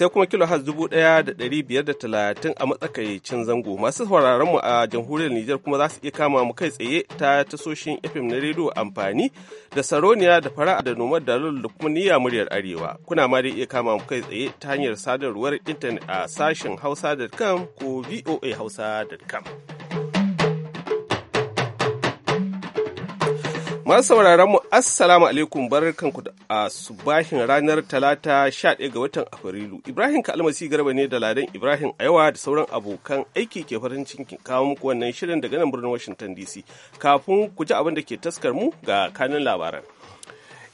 sai kuma da talatin a matsakaicin zango masu mu a jamhuriyar Nijar kuma za su iya kama mu kai tsaye ta tasoshin FM na rediyo amfani da saroniya da fara'a da nomad da da kuma niyya muryar arewa kuna ma dai iya kama mu kai tsaye ta hanyar sadarwar intanet a sashen hausa.com ko voa hausa.com. Masu sauraron mu Assalamu alaikum barkanku a subahin ranar Talata 11 ga watan Afrilu. Ibrahim ka Almasi Garba ne da Ladan Ibrahim a yawa da sauran abokan aiki ke farin cikin kawo muku wannan shirin daga nan birnin Washington DC. Kafin ku ji abin da ke taskar mu ga kanin labaran.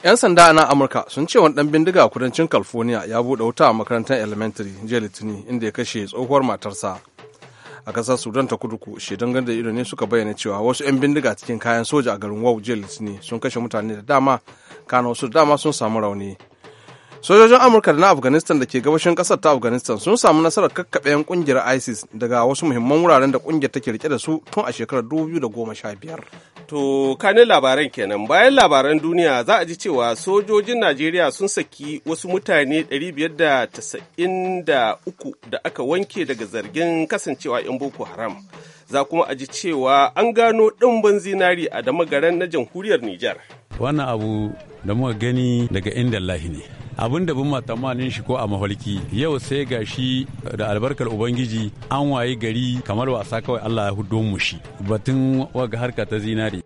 'Yan sanda na Amurka sun ce wani ɗan bindiga a kudancin California ya buɗe wuta a makarantar elementary jiya Litinin inda ya kashe tsohuwar matarsa a kasar sudan ta kudu shaidan da ido ne suka bayyana cewa wasu 'yan bindiga cikin kayan soja a garin wau jelis ne sun kashe mutane da dama kana wasu da dama sun samu rauni sojojin amurka da na afghanistan da ke gabashin kasar ta afghanistan sun samu nasarar kakkaɓe yan kungiyar isis daga wasu muhimman wuraren da kungiyar take rike da su tun a shekarar 2015 to kanin labaran kenan bayan labaran duniya za a ji cewa sojojin najeriya sun saki wasu mutane 593 da aka wanke daga zargin kasancewa yan boko haram za kuma a ji cewa an gano ɗimbin zinari a damagaran na jamhuriyar nijar wannan abu da muka gani daga inda lahi ne abin da bin matamanin shi ko a mafarki yau sai ga shi da albarkar ubangiji an waye gari kamar wasa kawai Allah ya hudo mu shi batun waga harka ta zinare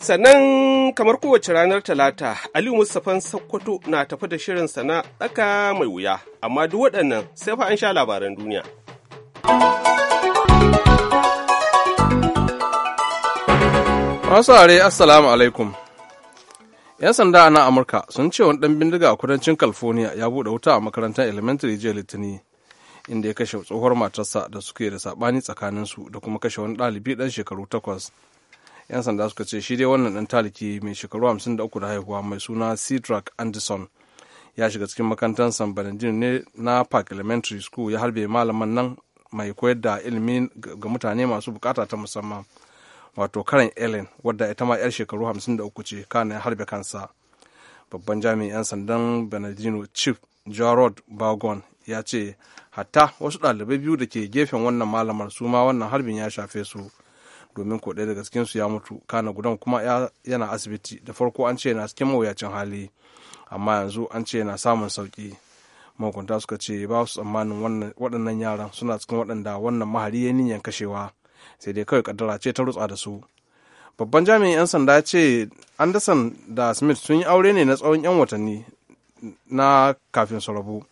sannan kamar kowace ranar talata aliyu mustapha sakkwato na tafi da shirin sana tsaka mai wuya amma duk waɗannan sai fa an sha labaran duniya masu are assalamu alaikum 'Yan sanda a nan Amurka sun ce wani dan bindiga a kudancin California ya buɗe wuta a makarantar elementary jiya litini inda ya kashe tsohuwar matarsa da suke da saɓani su da kuma kashe wani ɗalibi dan shekaru takwas. 'Yan sanda suka ce shi dai wannan dan taliki mai shekaru hamsin da da haihuwa mai suna Cedric Anderson ya shiga cikin makarantar San Bernardino ne na Park Elementary School ya harbe malaman nan mai koyar da ilimi ga mutane masu bukata ta musamman. wato karen ellen wadda ita ma 'yar shekaru 53 ce kanin harbe kansa babban jami'an sandan benedino chief gerard bagon ya ce hatta wasu ɗalibai biyu da ke gefen wannan malamar su ma wannan harbin ya shafe su domin ko ɗaya daga cikinsu ya mutu kana gudan kuma yana asibiti da farko an ce yana cikin mawuyacin hali amma yanzu an ce yana samun sauki mahukunta suka ce ba su tsammanin waɗannan yaran suna cikin waɗanda wannan mahari ya niyan kashewa sai dai kawai kaddara ce ta rutsa da su babban jami'in 'yan sanda ce anderson da smith sun yi aure ne na tsawon 'yan watanni na kafin su rabu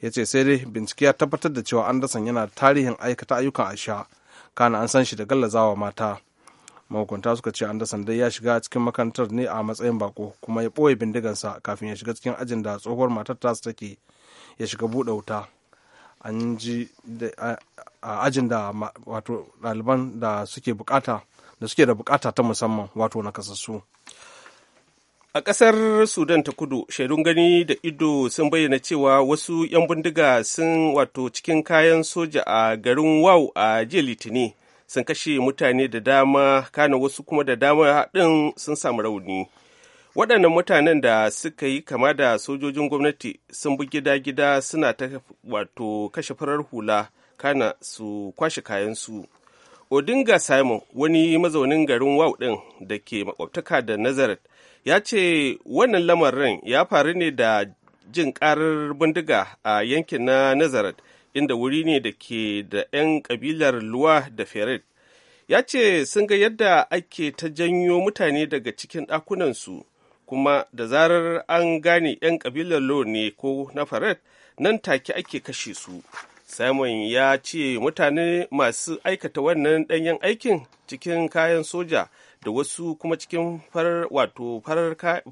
ya ce sai dai bincike ya tabbatar da cewa anderson yana tarihin aikata ayyukan asha kana an san shi da gallazawa mata mahukunta suka ce anderson dai ya shiga cikin makarantar ne a matsayin bako kuma ya ɓoye bindigansa kafin ya shiga cikin ajin da tsohuwar matar tasu take ya shiga buɗe wuta a ajin da wato ɗaliban da suke bukata da suke da bukata ta musamman wato kasassu. A ƙasar Sudan ta kudu, shaidun gani da ido sun bayyana cewa wasu 'yan bindiga sun wato cikin kayan soja a garin Wau a jiya Litini sun kashe mutane da dama, kana wasu kuma da dama haɗin sun samu rauni. Waɗannan mutanen da suka yi kama da sojojin gwamnati sun bi gida-gida suna ta wato kashe farar hula kana su kwashe kayansu odinga simon wani mazaunin garin wau ɗin da ke makwabtaka da nazareth ya ce wannan lamarin ya faru ne da jin ƙarar bindiga a yankin na nazareth inda wuri ne da ke da 'yan kabilar luwa da ferit ya ce sun ga yadda ake ta janyo mutane daga cikin ɗakunansu kuma da zarar an gane 'yan ƙabilar luwa ne ko na ferit nan take ake kashe su Simon ya ce mutane masu aikata wannan ɗanyen aikin cikin kayan soja da wasu kuma cikin farar wato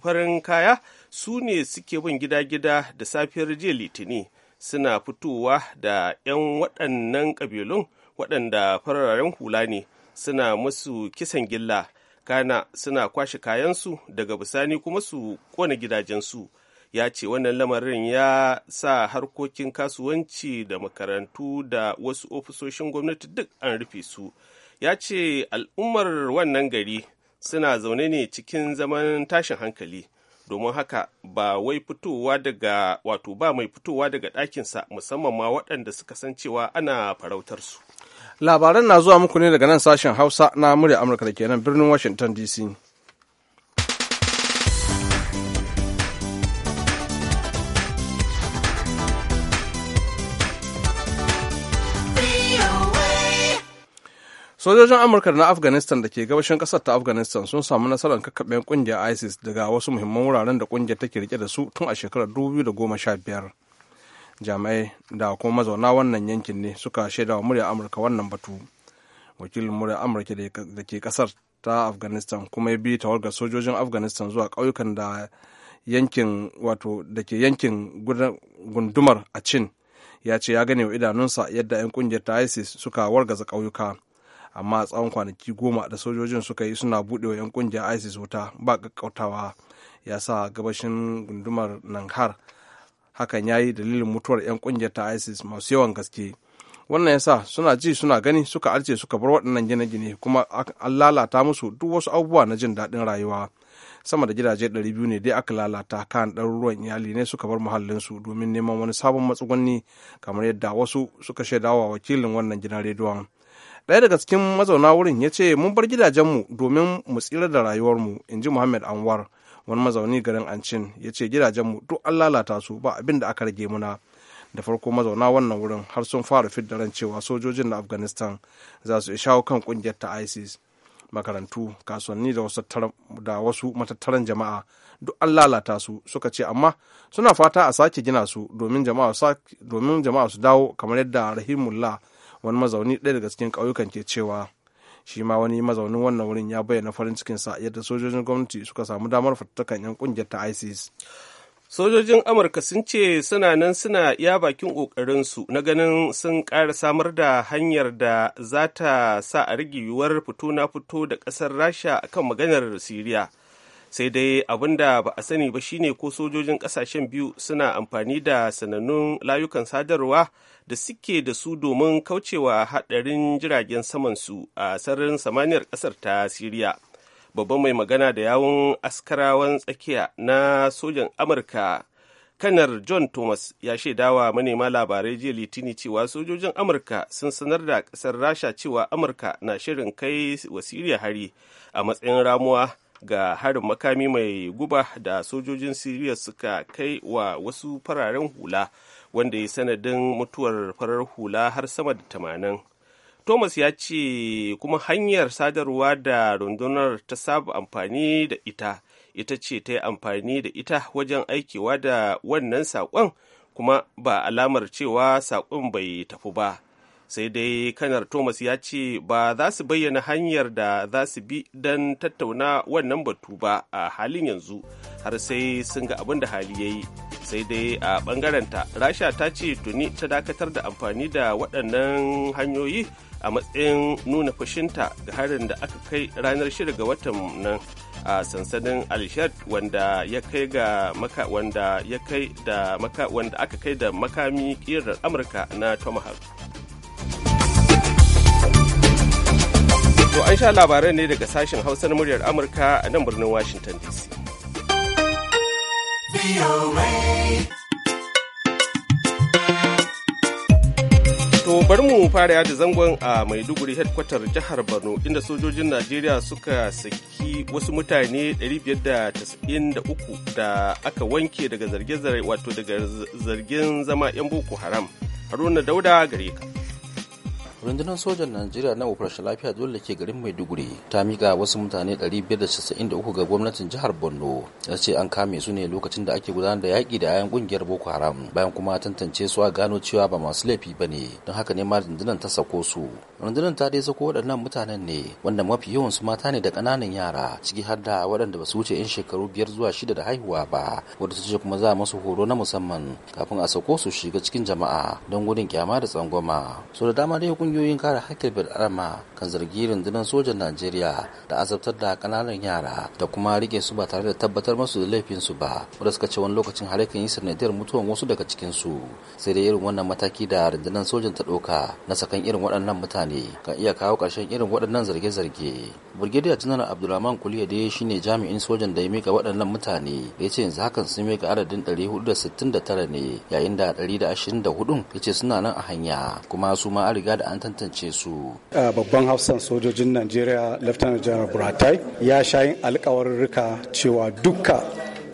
farin kaya su ne suke bin gida-gida da safiyar jiya litini suna fitowa da 'yan waɗannan ƙabilun waɗanda fararen hula ne suna musu kisan gilla kana suna kwashe kayansu daga bisani kuma su kona gidajensu. ya ce wannan lamarin ya sa harkokin kasuwanci da makarantu da wasu ofisoshin gwamnati duk an rufe su ya ce al'ummar wannan gari suna zaune ne cikin zaman tashin hankali domin haka ba wai fitowa daga wato ba mai fitowa daga ɗakinsa musamman ma waɗanda suka san cewa ana farautar su labaran na zuwa muku ne daga nan sashen hausa na murya amurka da kenan birnin washington dc sojojin amurka da na afghanistan da ke gabashin kasar ta afghanistan sun samu nasarar kakkaɓen kungiyar isis daga wasu muhimman wuraren da kungiyar take rike da su tun a shekarar 2015 jami'ai da kuma mazauna wannan yankin ne suka shaida wa murya amurka wannan batu wakilin murya amurka da ke kasar ta afghanistan kuma ya bi tawagar sojojin afghanistan zuwa ƙauyukan da yankin wato da ke yankin gundumar a cin ya ce ya gane wa idanunsa yadda 'yan kungiyar ta isis suka wargaza ƙauyuka amma tsawon kwanaki goma da sojojin suka yi suna buɗewa 'yan kungiyar isis wuta ba ƙaƙƙautawa ya sa gabashin gundumar nanhar hakan ya yi dalilin mutuwar 'yan kungiyar ta isis masu yawan gaske wannan ya sa suna ji suna gani suka arce suka bar waɗannan gine-gine kuma an lalata musu duk wasu abubuwa na jin daɗin rayuwa sama da gidaje 200 ne dai aka lalata kan ɗaruruwan iyali ne suka bar muhallinsu domin neman wani sabon matsugunni kamar yadda wasu suka shaidawa wakilin wannan gidan rediyon ɗaya daga cikin mazauna wurin ya ce mun bar gidajenmu domin mu tsira da rayuwarmu in ji muhammad anwar wani mazauni garin ancin ya ce gidajenmu duk an lalata su ba abin da aka rage muna da farko mazauna wannan wurin har sun fara fidda ran cewa sojojin na afghanistan za su shawo kan kungiyar ta isis makarantu kasuwanni da wasu matattaran jama'a duk an lalata su suka ce amma suna fata a sake gina su domin jama'a su dawo kamar yadda rahimullah wani mazauni ɗaya daga cikin ƙauyukan ke cewa shi ma wani mazaunin wannan wurin ya bayyana farin cikinsa yadda sojojin gwamnati suka samu damar fatattakan 'yan ƙungiyar ta isis sojojin amurka sun ce suna nan suna iya bakin ƙoƙarinsu na ganin sun ƙara samar da hanyar da za ta sa a rage fito na fito da ƙasar rasha akan maganar siriya sai dai abin da ba a sani ba shine ko sojojin kasashen biyu suna amfani da sanannun layukan sadarwa da suke da su domin kaucewa haɗarin jiragen samansu a sararin samaniyar ƙasar ta siriya babban mai magana da yawun askarawan tsakiya na sojan amurka kanar john thomas ya shaidawa manema labarai jiya litini cewa sojojin amurka sun sanar da ƙasar rasha cewa amurka na shirin kai wa siriya hari a matsayin ramuwa ga harin makami mai guba da sojojin siriya suka kai wa wasu fararen hula wanda ya sanadin mutuwar farar hula har sama da tamanin thomas ya ce kuma hanyar sadarwa da rundunar ta saba amfani da ita ita ce ta yi amfani da ita wajen aikewa da wannan saƙon kuma ba alamar cewa saƙon bai tafi ba sai dai kanar thomas ya ce ba za su bayyana hanyar da za su bi don tattauna wannan batu ba a halin yanzu har sai sun ga abin da hali ya yi sai dai a bangaranta rasha ta ce tuni ta dakatar da amfani da waɗannan hanyoyi a matsayin nuna fushinta ga harin da aka kai ranar shida ga watan nan a sansanin alshad wanda ya kai da maka wanda aka kai da makami kirar amurka na tomahawk To an sha labarai ne daga sashen Hausa na muryar Amurka a nan birnin Washington DC. To bari mu fara yada zangon a Maiduguri headquarter jihar Borno inda sojojin Najeriya suka saki wasu mutane 593 da aka wanke daga zarge-zarge wato daga zargin zama 'yan Boko Haram. Haruna Dauda gare ka. rundunar sojan najeriya na operation lafiya dole da ke garin maiduguri ta miƙa wasu mutane 593 ga gwamnatin jihar borno ya ce an kame su ne lokacin da ake gudanar da yaƙi da yayan ƙungiyar boko haram bayan kuma tantance su a gano cewa ba masu laifi ba ne don haka ne ma rundunar ta sako su rundunar ta dai sako waɗannan mutanen ne wanda mafi yawan su mata ne da ƙananan yara ciki har da waɗanda ba su wuce 'yan shekaru biyar zuwa shida da haihuwa ba wanda ta ce kuma za masu horo na musamman kafin a sako su shiga cikin jama'a don gudun kyama da tsangwama so da dama dai Ƙungiyoyin kare haƙƙin adama kan zargi rundunar sojan Najeriya da azabtar da ƙananan yara da kuma rike su ba tare da tabbatar masu da laifinsu ba, wanda suka ce wani lokacin har yi sanadiyar mutuwan wasu daga cikinsu. Sai dai irin wannan mataki da rundunar sojan ta ɗauka na sakan irin waɗannan mutane kan iya kawo ƙarshen irin waɗannan zarge-zarge. Birgediya Janar Abdulrahman Kuliyade shi ne jami'in sojan da ya mika waɗannan mutane da ya ce yanzu hakan sun mika adadin 469 ne yayin da 124 ya ce suna nan a hanya kuma su ma an riga da an tantance su. Babban hafsan sojojin Najeriya Lieutenant General Buratai ya sha yin alkawarurruka cewa dukka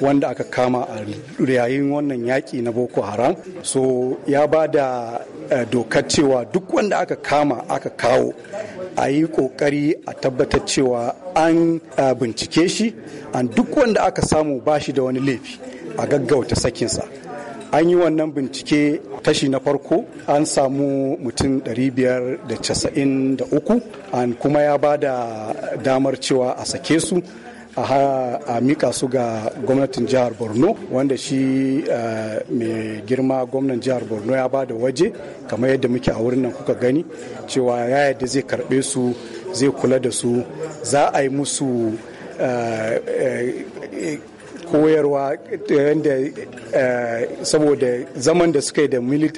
wanda aka kama a yayin wannan yaƙi na boko haram so ya ba da eh, dokar cewa duk wanda aka kama aka kawo a yi ƙoƙari a tabbatar cewa an eh, bincike shi an duk wanda aka samu ba shi da wani laifi a gaggauta sakinsa an yi wannan bincike kashi na farko an samu mutum 593 an kuma ya ba da damar cewa a sake su a mika su ga gwamnatin jihar borno wanda shi eh, mai girma gwamnan jihar borno ya ba da waje kamar yadda muke a wurin nan kuka gani cewa ya yadda zai karbe su zai kula da su za a yi musu eh, eh, koyarwa eh, yadda eh, saboda zaman da suka yi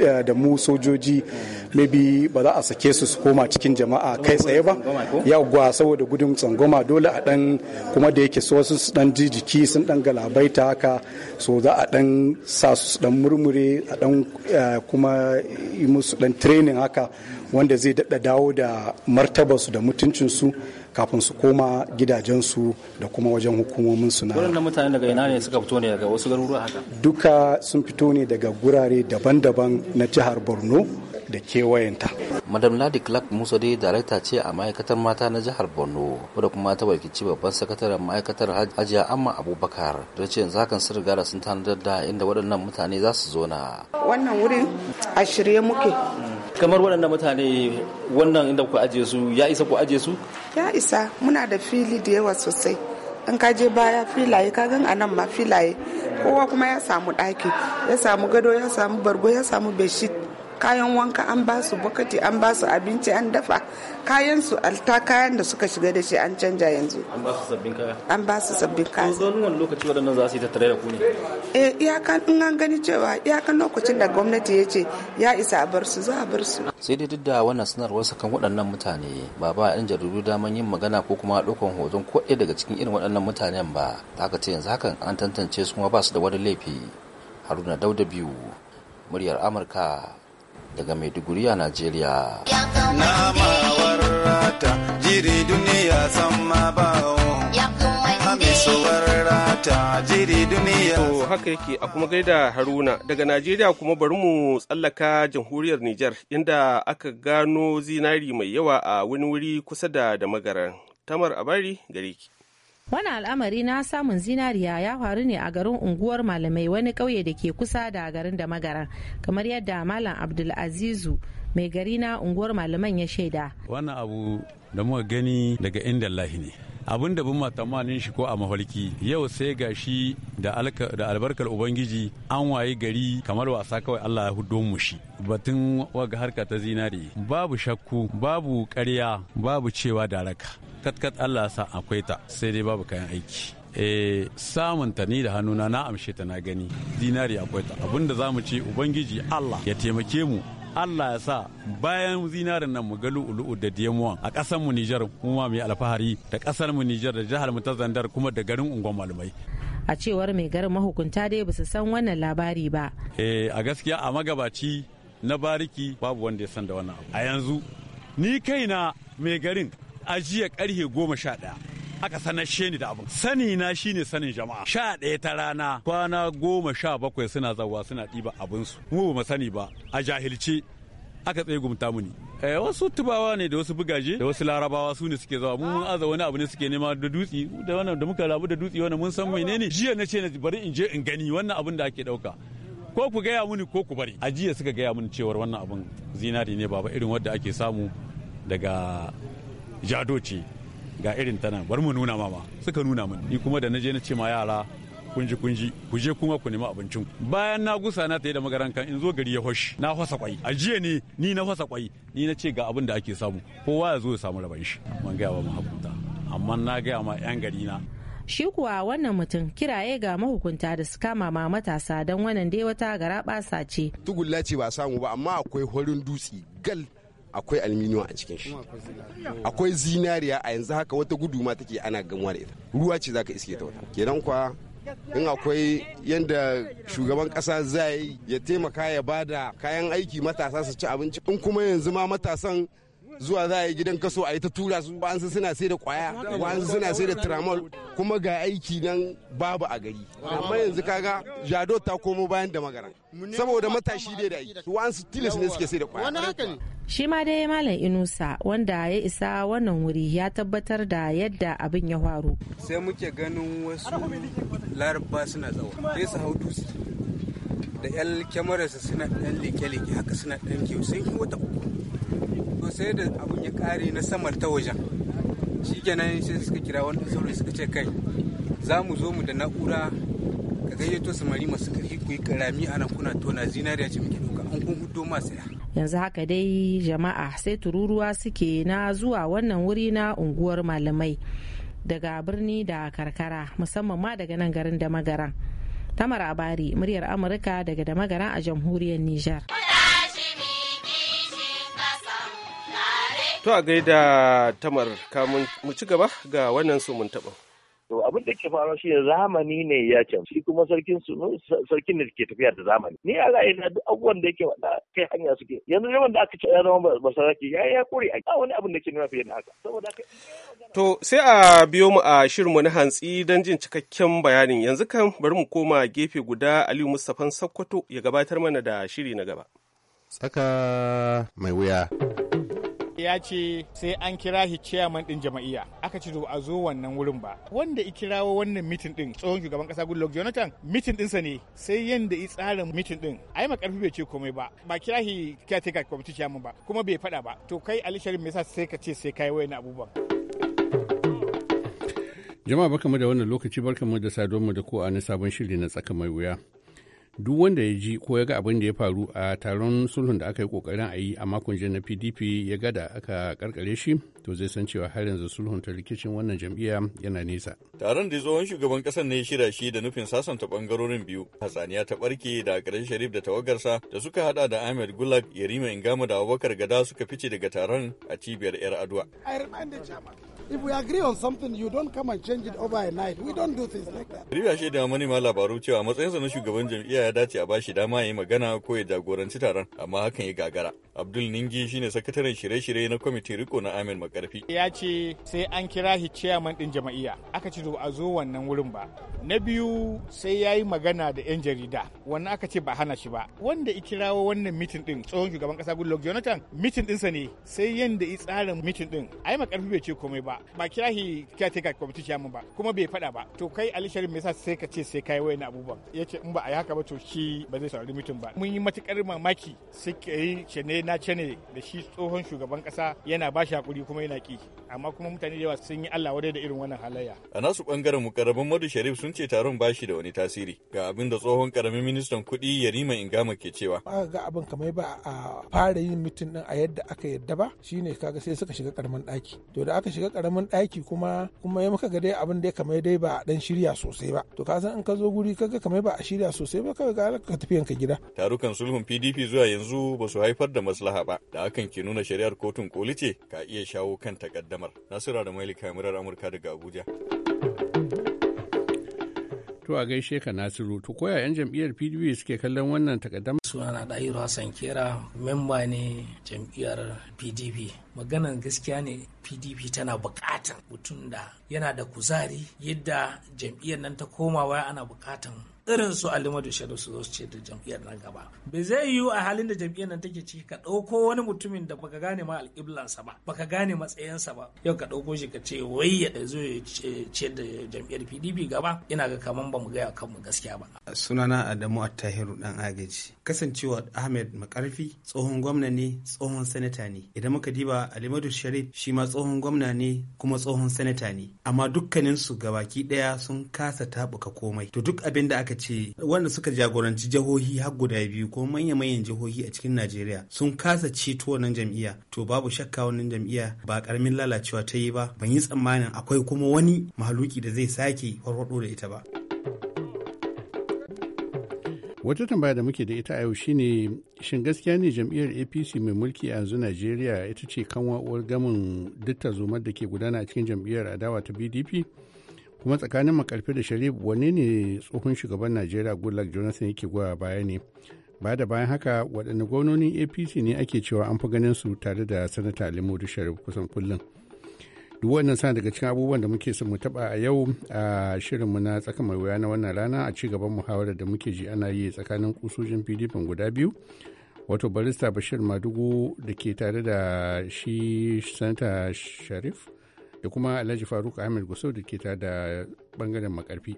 eh, da mu sojoji maybe ba za a sake su su koma cikin jama'a kai tsaye ba ya gwa saboda gudun tsangoma dole a dan kuma da yake wasu su dan jijiki sun dan galabaita haka so za a dan sa su dan murmure a dan kuma yi musu dan training haka wanda zai daɗa dawo da martabarsu da mutuncinsu kafin su koma gidajensu da kuma wajen hukumomin su na wannan mutane daga ina ne suka fito ne daga wasu garuruwa haka duka sun fito ne daga gurare daban-daban na jihar Borno da kewayenta. Madam Ladi Clark Musa dai darakta ce a ma'aikatar mata na jihar Borno wadda kuma ta wakilci babban sakataren ma'aikatar Hajiya Amma Abubakar da ce yanzu hakan sun riga da sun tanadar da inda waɗannan mutane za su zo na. Wannan wurin a shirye muke. kamar waɗanda mutane wannan inda ku ajiye su ya isa ku ajiye su ya isa muna da fili da yawa sosai in ka je baya filaye ka gan anan ma filaye kowa kuma ya samu ɗaki ya samu gado ya samu bargo ya samu beshit kayan wanka an ba su bukati an ba su abinci an dafa kayan su alta kayan da suka shiga da shi an canja yanzu an ba su sabbin kaya an su sabbin wani lokaci waɗannan za su yi tattare da ku ne eh iyakan in an gani cewa iyakan lokacin da gwamnati ya ce ya isa a bar su za a bar su sai dai duk da wannan sanarwar kan waɗannan mutane ba ba yan jaridu daman yin magana ko kuma ɗaukan hoton ko ɗaya daga cikin irin waɗannan mutanen ba haka ce yanzu hakan an tantance su kuma ba su da wani laifi haruna dauda biyu muryar amurka daga Maiduguri a Najeriya. Namawar rata jiri To haka yake a kuma gaida Haruna daga Najeriya kuma bari mu tsallaka jamhuriyar Nijar inda aka gano zinari mai yawa a wani wuri kusa da magaran. Tamar Abari gari. Wani al'amari na samun zinariya ya faru ne a garin unguwar malamai wani ƙauye da ke kusa da garin da magara kamar yadda Malam Abdulazizu mai gari na unguwar malaman ya shaida. Wannan abu da muka gani daga inda lahi ne. abin da bin tamanin shi ko a mafarki yau sai ga shi da albarkar ubangiji an waye gari kamar wasa kawai allah ya hudo mu shi batun waga harka ta zinare babu shakku babu karya babu cewa da raka katkat allah sa akwai ta sai dai babu kayan aiki e, samun ta ni da hannuna na amshe ta na gani dinari akwai ta abinda za mu ce ubangiji allah ya taimake mu Allah ya sa bayan zinarin nan mu ga lu'ulu'u da diyamuwan a ƙasar mu Nijar kuma mai alfahari da ƙasar mu Nijar da jihar mu ta Zandar kuma da garin Unguwar Malmai. A cewar mai garin mahukunta dai ba su san wannan labari ba. Eh a gaskiya a magabaci na bariki babu wanda ya san da wannan abu. A yanzu ni kaina mai garin ajiya karhe goma sha ɗaya. aka sanashe ni da abin sani na shine sanin jama'a sha ɗaya ta rana kwana goma sha bakwai suna zawa suna ɗiba abinsu mu ba mu sani ba a jahilci aka tsaye gumta muni eh, wasu tubawa ne da wasu bugaje da wasu larabawa su ne suke zawa mun aza wani abu ne suke nema da dutsi da wannan da muka rabu da dutsi wannan mun san ne? jiya na ce bari in je in gani wannan abin da ake dauka ko ku gaya muni ko ku bari a jiya suka gaya muni cewar wannan abin zinari ne baba irin wanda ake samu daga jadoci ga irin ta nan bar mu nuna mama suka nuna min ni kuma da naje je na ce ma yara kunji kunji ku je kuma ku nemi abincin bayan na gusa na tayi da magarankan in zo gari ya hoshi na hosa kwai a jiya ne ni na fasa kwai ni na ce ga abin da ake samu kowa ya zo ya samu raban shi man gaya wa mahakunta amma na gaya ma yan gari na shi kuwa wannan mutum kiraye ga mahukunta da su kama ma matasa don wannan dai wata gara ce tugulla ce ba samu ba amma akwai horin dutse gal akwai alminiyon a cikin shi akwai zinariya a yanzu haka wata gudu ma take ana gamuwa da ita ruwa ce zaka iske ta wata kenan kwa in akwai yadda shugaban kasa zai ya taimaka ya bada kayan aiki matasa su ci abinci in kuma yanzu ma matasan zuwa za a yi gidan kaso a yi ta tura su wa'ansu suna sai da kwaya wa'ansu suna sai da tramol kuma ga aiki nan babu a gari amma yanzu kaga jado ta komo bayan da magaran saboda matashi dai da aiki wa'ansu tilas ne suke sai da kwaya shi ma dai malam inusa wanda ya isa wannan wuri ya tabbatar da yadda abin ya faru sai muke ganin wasu laraba suna tsawo sai su hau dutse da yan kyamararsa suna dan leke-leke haka suna dan kewa sun yi wata uku to sai da abun ya kare na samar ta wajen shi kenan sai suka kira wani sauri suka ce kai za mu zo mu da na'ura ka gayyato samari masu karfi ku yi karami a nan kuna tona zinariya ce muke doka an kun hudo masu ya yanzu haka dai jama'a sai tururuwa suke na zuwa wannan wuri na unguwar malamai daga birni da karkara musamman ma daga nan garin da magaran tamar abari muryar amurka daga da magaran a jamhuriyar nijar To a gaida tamar kamun mu ci gaba ga wannan mun taba. To abin da ke faruwa shi zamani ne ya can shi kuma sarkin sarkin ne ke tafiya da zamani. Ni a ra'ayi na duk abubuwan da yake wanda kai hanya suke. Yanzu zaman da aka ce ya zama sarki ya ya kore a wani abin da ke nuna fiye da haka. Saboda To sai a biyo mu a shirin mu na hantsi don jin cikakken bayanin yanzu kan bari mu koma gefe guda Aliyu Mustapha Sakkwato ya gabatar mana da shiri na gaba. Tsaka mai wuya. ya ce sai an kira shi chairman din jama'iyya aka ci a zo wannan wurin ba wanda i kirawo wannan mitin din tsohon shugaban kasa Goodluck Jonathan mitin dinsa ne sai yanda i tsara mitin din ai makarfi bai ce komai ba ba kira shi caretaker committee chairman ba kuma bai fada ba to kai Ali Sharif me yasa sai ka ce sai kai wayannan abubuwan Jama'a barkamu da wannan lokaci barkamu da saduwar mu da ko a na sabon shiri na tsaka mai wuya. duk wanda ya ji ko ya ga abin da ya faru a taron sulhun da aka yi kokarin a yi a makon jiya na pdp ya gada aka karkare shi to zai san cewa har yanzu sulhun ta rikicin wannan jam'iyya yana nesa taron da tsohon shugaban kasar ne shirya shi da nufin sasanta bangarorin biyu hatsaniya ta barke da garin sharif da tawagarsa da suka hada da ahmed gulag yarima ingama da abubakar gada suka fice daga taron a cibiyar yar adua If we agree on something, you don't come and change it overnight. We don't do things like that. da mani ma labaru cewa matsayinsa na shugaban jam'iyya ya dace a bashi dama ya magana ko ya jagoranci taron, amma hakan ya gagara. Abdul Ningi shine sakataren shirye-shirye na kwamitin riko na Amin Makarfi. Ya ce sai an kira shi chairman din jam'iyya Aka ce a zo wannan wurin ba. Na biyu sai yayi magana da 'yan jarida. Wannan aka ce ba hana shi ba. Wanda i kirawo wannan mitin din tsohon shugaban kasa Goodluck Jonathan mitin sa ne sai yanda i tsara mitin din. Ai Makarfi bai ce komai ba. ba ka kira shi caretaker ya mun ba kuma bai faɗa ba to kai Ali Sharif me yasa sai ka ce sai kai wayan abubuwan yace in ba a yi haka ba to shi ba zai saurari mutum ba mun yi matukar mamaki suke yi cene na cene da shi tsohon shugaban kasa yana ba shi hakuri kuma yana ki amma kuma mutane da yawa sun yi Allah wadai da irin wannan halayya a nasu bangaren mukarrabin Madu Sharif sun ce taron ba shi da wani tasiri ga abin da tsohon karamin ministan kuɗi Yarima Ingama ke cewa. ga abin kamar ba a fara yin mutum din a yadda aka yadda ba shine kaga sai suka shiga karamin daki to da aka shiga karamin ɗaki kuma kuma ya muka ga dai abin da ya kamar dai ba dan shirya sosai ba to ka san in ka zo guri ka ga kamar ba a shirya sosai ba kawai ga ka tafi yanka gida tarukan sulhun PDP zuwa yanzu ba su haifar da maslaha ba da hakan ke nuna shari'ar kotun koli ce ka iya shawo kan takaddamar nasira da mailika murar Amurka daga Abuja To a gaishe ka Nasiru, to koya 'yan jam'iyyar PDP suke kallon wannan takaddama. Sunana Ɗahiru Hassan Kera, memba ne jam'iyyar PDP. maganar gaskiya ne PDP tana bukatan mutum da yana da kuzari yadda jam'iyyar nan ta komawa ana bukatan irin su alimadu shaidu su zo su ce da jam'iyyar nan gaba bai zai yiwu a halin da jam'iyyar nan take ciki ka ɗauko wani mutumin da baka gane ma alƙiblansa ba baka gane matsayinsa ba yau ka ɗauko shi ka ce wai ya zo ya ce da jam'iyyar pdp gaba ina ga kaman ba mu gaya kanmu gaskiya ba sunana adamu attahiru dan agaji kasancewa ahmed makarfi tsohon gwamna ne tsohon sanata ne idan muka diba alimadu sharif shi ma tsohon gwamna ne kuma tsohon sanata ne amma dukkanin su gabaki daya sun kasa tabuka komai to duk abin da aka ce wanda suka jagoranci jihohi har guda biyu ko manya-manyan jihohi a cikin najeriya sun kasa ceto wannan jam'iyya to babu shakka wannan jam'iyya ba karamin lalacewa ta yi ba ban yi tsammanin akwai kuma wani mahaluki da zai sake farfado da ita ba wata tambaya da muke da ita a yau shine shin gaskiya ne jam'iyyar apc mai mulki yanzu najeriya ita ce kan uwar gamin duk tarzomar da ke gudana a cikin jam'iyyar adawa ta bdp kuma tsakanin makarfi da sharif wanne ne tsohon shugaban najeriya goodluck jonathan yake goya baya ne ba da bayan haka waɗanne gwamnonin apc ne ake cewa an fi ganin su tare da sanata limodu sharif kusan kullum duk wannan sana daga cikin abubuwan da muke son mu taba a yau a shirinmu na tsaka mai wuya na wannan rana a ci gaban muhawarar da muke ji ana yi tsakanin kusoshin pdp guda biyu wato barista bashir madugu da ke tare da shi sanata sharif da kuma alhaji faruk ahmed gusau da ke tare da bangaren makarfi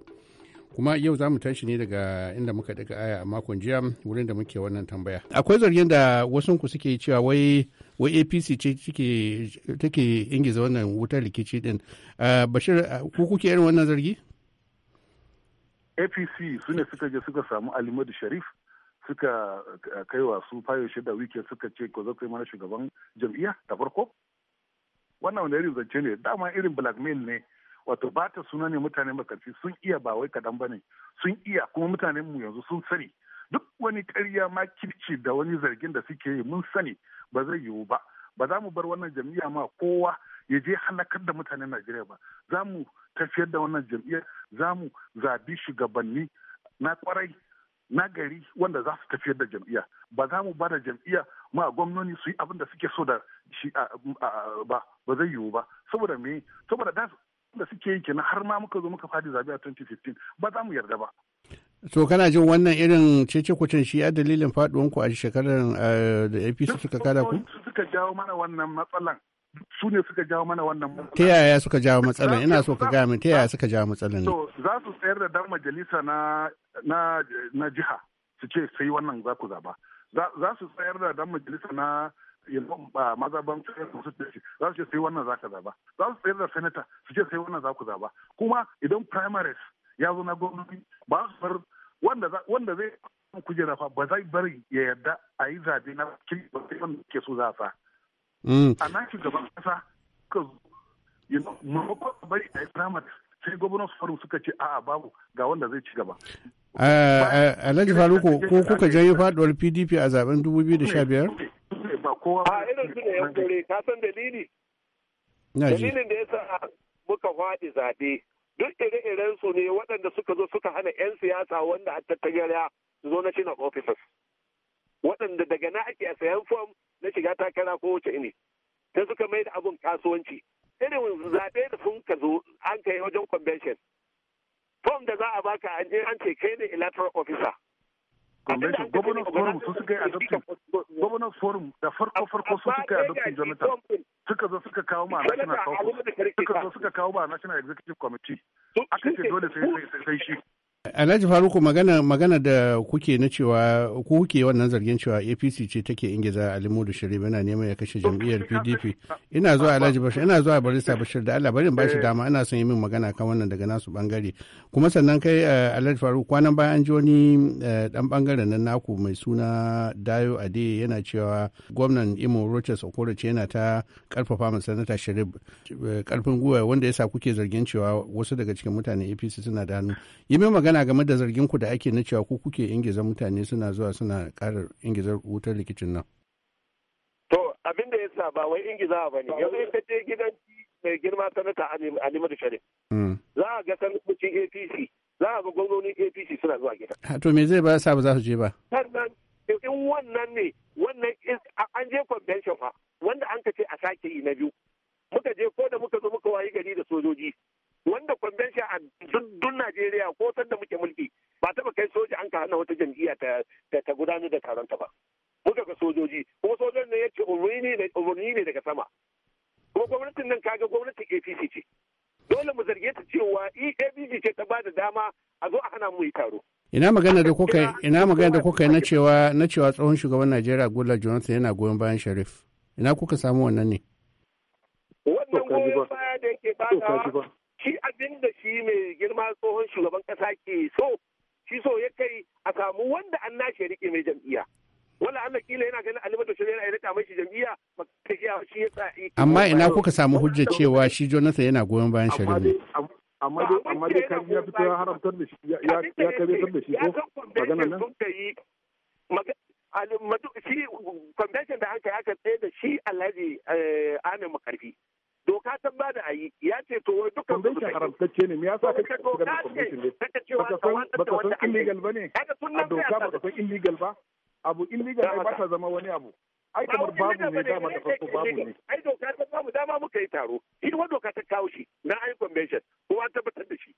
kuma yau za mu tashi ne daga inda muka daga aya a makon jiya wurin da muke wannan tambaya akwai zargin da wasu ku suke cewa wai wai apc ce take ingiza wannan wutar rikici din ah, bashir ah, ku kuke irin wannan zargi apc su ne suka je suka samu alimadu sharif suka ah, kai wa su fayo shida wike suka ce ko zai mana shugaban jam'iyya da farko wannan wani irin zance ne dama irin blackmail ne wato ba ta suna ne mutane makarfi sun iya ba wai kadan ba ne sun iya kuma mutanen mu yanzu sun sani duk wani karya ma kirci da wani zargin da suke yi mun sani ba zai yiwu ba ba za mu bar wannan jam'iyya ma kowa ya je halakar da mutanen najeriya ba za mu tafiyar da wannan jam'iyyar za mu zabi shugabanni na kwarai na gari wanda za su tafiyar da jam'iyya ba za mu bada jam'iyya ma gwamnoni su yi abin da suke so da shi ba ba zai yiwu ba saboda me saboda da suke yi kenan har ma muka zo muka fadi zabe a 2015 ba za mu yarda ba to kana jin wannan irin cece kucin shi a dalilin faduwan ku a shekarar eh, da APC suka kada ku suka jawo mana wannan matsalan su ne suka jawo mana wannan matsalan ta yaya suka jawo matsalan ina so ka gaya min ta yaya suka jawo matsalan To za su tsayar da dan majalisa na na na jiha su ce sai wannan za ku zaba za su tsayar da dan majalisa na yanzu mazaban su ce za su ce sai wannan za ka zaba za su tsaye da senator su ce sai wannan za ku zaba kuma idan primaries ya zo na gwamnati ba su bar wanda zai kujera fa ba zai bari ya yarda a yi zabe na cikin wanda ke so za a sa. Mm. A na nan gaban kasa ka zo, maimakon a bari a yi primaries sai gwamnati faru suka ce a'a babu ga wanda zai ci gaba. Eh, eh, Alhaji Faruku, ko kuka janyo faduwar PDP a zaben 2015? ba kowa ba irin su yan kore ka san dalili dalilin da yasa muka faɗi zaɓe duk ire-iren su ne waɗanda suka zo suka hana 'yan siyasa wanda a tattagarya su zo na shina ofisas. waɗanda daga na ake a sayan fom na shiga takara ko wace ne, ta suka mai da abun kasuwanci irin zaɓe da sun ka zo an kai wajen convention fom da za a baka an je an ce kai ne electoral officer convention governors forum su suka yi governors forum da farko farko su suka yi adopting jonathan suka zo suka kawo ma national council suka zo suka kawo ma national executive committee aka ce dole sai sai shi Alhaji Faruku magana magana da kuke na cewa ku kuke wannan zargin cewa APC ce take ingiza alimu da Sharibe yana neman ya kashe jam'iyyar PDP. Ina zuwa Alhaji Bashir ina zuwa Barista Bashir da Allah barin bashi eh. dama ina son yi min magana kan wannan daga nasu bangare. Kuma sannan kai eh, Alhaji Faruku kwanan bayan an ji wani eh, dan bangaren nan naku mai suna Dayo Ade yana cewa gwamnan Imo Rochas Okoro ce yana ta karfafa ma sanata Sharif karfin gwiwa wanda yasa kuke zargin cewa wasu daga cikin mutanen APC suna da hannu. Yi min magana magana game da zargin ku da ake na cewa ku kuke ingiza mutane suna zuwa suna ƙara ingizar wutar rikicin nan. To abin da ya sa ba wai ingiza ba ne yanzu in ka je gidan mai girma sanata Alimadu Shari. Hmm. Za a ga sanatocin APC za a ga gwamnonin APC suna zuwa gida. To me zai ba sa ba za su je ba? Sannan in wannan ne wannan an je convention fa wanda an ka ce a sake yi na biyu. Muka je ko da muka zo muka wayi gari da sojoji wanda convention a duk Najeriya ko da muke mulki ba taba kai soja an ka hana wata jam'iyya ta ta gudanar da taronta ba muka ga sojoji kuma sojan ne yace umarni ne daga sama kuma gwamnatin nan kaga gwamnatin APC ce dole mu zarge ta cewa EABC ce ta bada dama a zo a hana mu yi taro ina magana da kuka ina magana da kuka na cewa na cewa tsohon shugaban Najeriya Gola Jonathan yana goyon bayan Sharif ina kuka samu wannan ne wannan goyon baya da yake ba shi abin da shi mai girma tsohon shugaban kasa ke so shi so ya kai a samu wanda an nashi ya rike mai jam'iyya wala Allah kila yana ganin Ali Bado Shirin ya rika mai jam'iyya ba ta shi ya amma ina kuka samu hujja cewa shi Jonathan yana goyon bayan Shirin amma dai amma dai kan ya fito ya haramtar da shi ya ya kabetar da shi ko magana nan Ali shi convention da aka yi aka tsaye da shi Alhaji eh, Amin Makarfi doka ta ba da ayi ya ce to wai dukkan su kai haramtacce ne me yasa kake doka ce kake cewa ka wanda da wanda illegal bane kaga sunan doka ba ka illegal ba abu illegal ne ba ta zama wani abu ai kamar babu ne dama da farko babu ne ai doka ta babu dama muka yi taro shi wa doka ta kawo shi na ai convention ko an ah, tabbatar da shi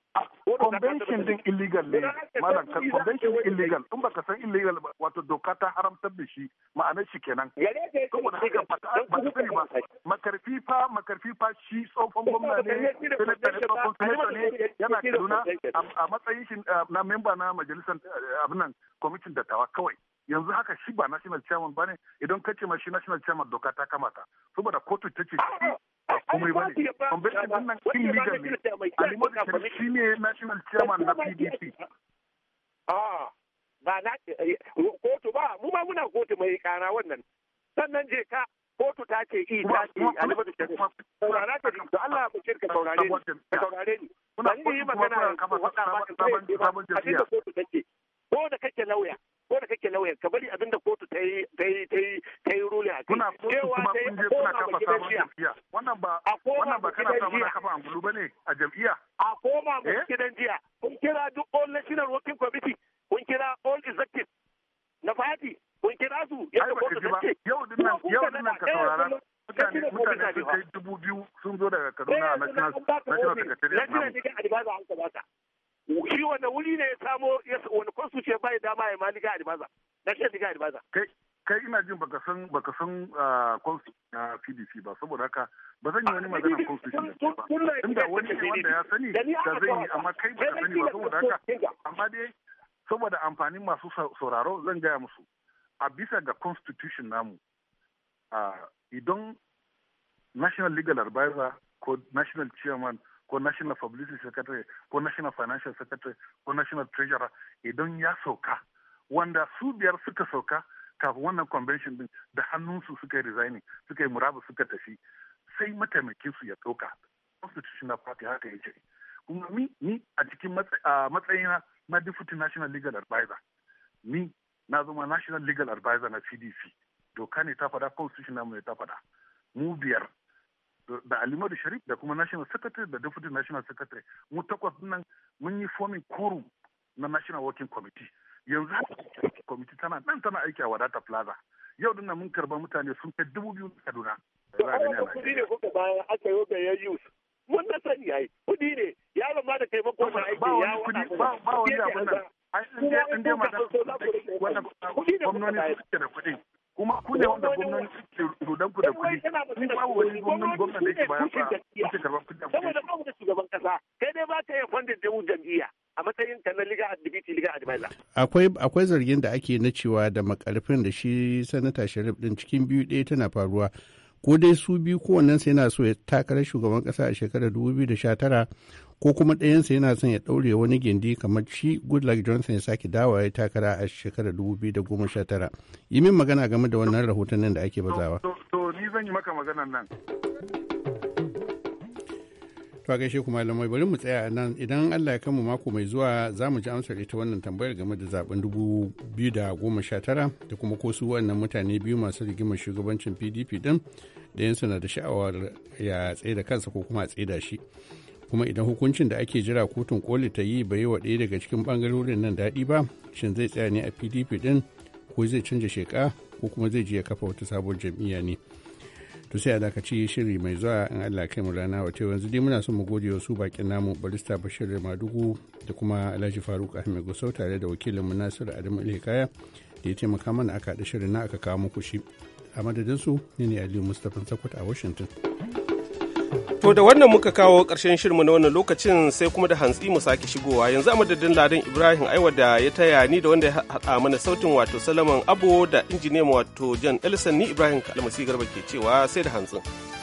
convention din illegal ne malam convention illegal in baka san illegal wato doka ta haramtar da shi ma'anar shi kenan saboda haka ba ta ba makarfi fa makarfi fa shi tsohon gwamna ne senator ne tsohon ne yana kaduna a matsayin shi na memba na majalisar eh, abinan kwamitin dattawa kawai yanzu haka shi ba national chairman ba ne idan kace ma shi national chairman doka ta kamata saboda kotu ta ce komai ba ne convention din nan kin legal ne a sharif shi ne national chairman na pdp ah, ba na eh, eh, kotu ba mu ma muna kotu mai kana wannan sannan je ka kotu ta ce i ta ce a nufa da shari'a saurara ka da Allah mu shirka saurare ni ka saurare ni ba ni yi magana wata ba ta tsaye ba abin da kotu ta ce ko da kake lauya ko da kake lauya ka bari abinda kotu ta yi ta yi ta yi ta yi rulin a kai cewa ta yi koma kafa gidan jiya wannan ba wannan ba kana sa mana kafa angulu bane a jam'iyya a koma ba eh? gidan jiya kun kira duk all national Kaduna a ne ya samo wani bai dama ya kai ina jin baka san baka san ah, na ba saboda haka ba zan yi wani magana constitution da ba inda wani ne wanda ya sani da zan yi amma kai sani ba saboda haka amma dai saboda amfanin masu sauraro zan gaya musu a bisa ga constitution namu ah, idan national legal advisor ko national chairman ko national publicity secretary ko national financial secretary ko national treasurer idan ya sauka wanda su biyar suka sauka kafin wannan convention din da hannunsu suka yi resigning suka yi murabu suka tafi sai mataimakin su ya ɗauka constitutional party haka ya ce kuma mi ni a cikin matsayina na deputy national legal advisor ni na zama national legal advisor na cdc doka ne ta faɗa constitutional mu ne ta faɗa mu biyar da alimadu sharif da kuma national secretary da deputy national secretary mu takwas nan mun yi forming quorum na national working committee yanzu committee tana nan tana aiki a wadata plaza yau nan mun karba mutane sun kai dubu biyu kaduna kudi ne kuka bayan aka yi bayan youth mun na sani yayi kudi ne yaron ma da taimako na aiki ya wani ba wani abin nan ai in dai madam wannan gwamnoni suke da kuma ku ne wanda gwamnati ke rudan ku da kuɗi ku babu wani gwamnati gwamnati da ke bayan sa kuke karɓar kuɗi saboda babu da shugaban kasa kai dai ba ka iya da jamu jam'iyya a matsayin ka na liga adibiti liga adibaiza akwai akwai zargin da ake na cewa da makarfin da shi sanata sharif din cikin biyu ɗaya tana faruwa ko dai su biyu kowannen sai na so ya takarar shugaban kasa a shekarar 2019 ko kuma ɗayansa yana son ya ɗaure wani gindi kamar shi goodluck johnson ya sake dawa ya takara a shekarar 2019 yi min magana game da wannan nan da ake bazawa to ni zan yi maka nan malamai bari mu tsaya nan idan Allah ya kama mako mai zuwa za mu ji amsar ita wannan tambayar game da zaben 2019 da kuma ko su wannan mutane biyu masu rigimar shugabancin PDP din da yansu na da sha'awar ya tsaye da kansa ko kuma a tsaye da shi kuma idan hukuncin da ake jira kotun koli ta yi bai wa ɗaya daga cikin bangarorin nan daɗi ba shin zai tsaya ne a pdp din ko zai canja sheka ko kuma zai je ya kafa wata sabon jam'iyya ne to sai a dakaci shiri mai zuwa in allah kai mu rana wata yanzu dai muna son mu gode wa su bakin namu barista bashir madugu da kuma alhaji faruk ahmed gusau tare da wakilin mu nasir adamu ilhikaya da ya taimaka mana aka haɗa shirin na aka kawo muku shi a madadinsu ne ne aliyu mustapha sakwata a washington To da wannan muka kawo ƙarshen shirmu na wannan lokacin sai kuma da hantsi mu sake shigowa yanzu a madadin ladan Ibrahim Aiwa da ya taya ni da wanda ya haɗa mana sautin wato Salaman Abo da injiniyan wato Jan Ellison ni Ibrahim Kalmasi Garba ke cewa sai da hantsin.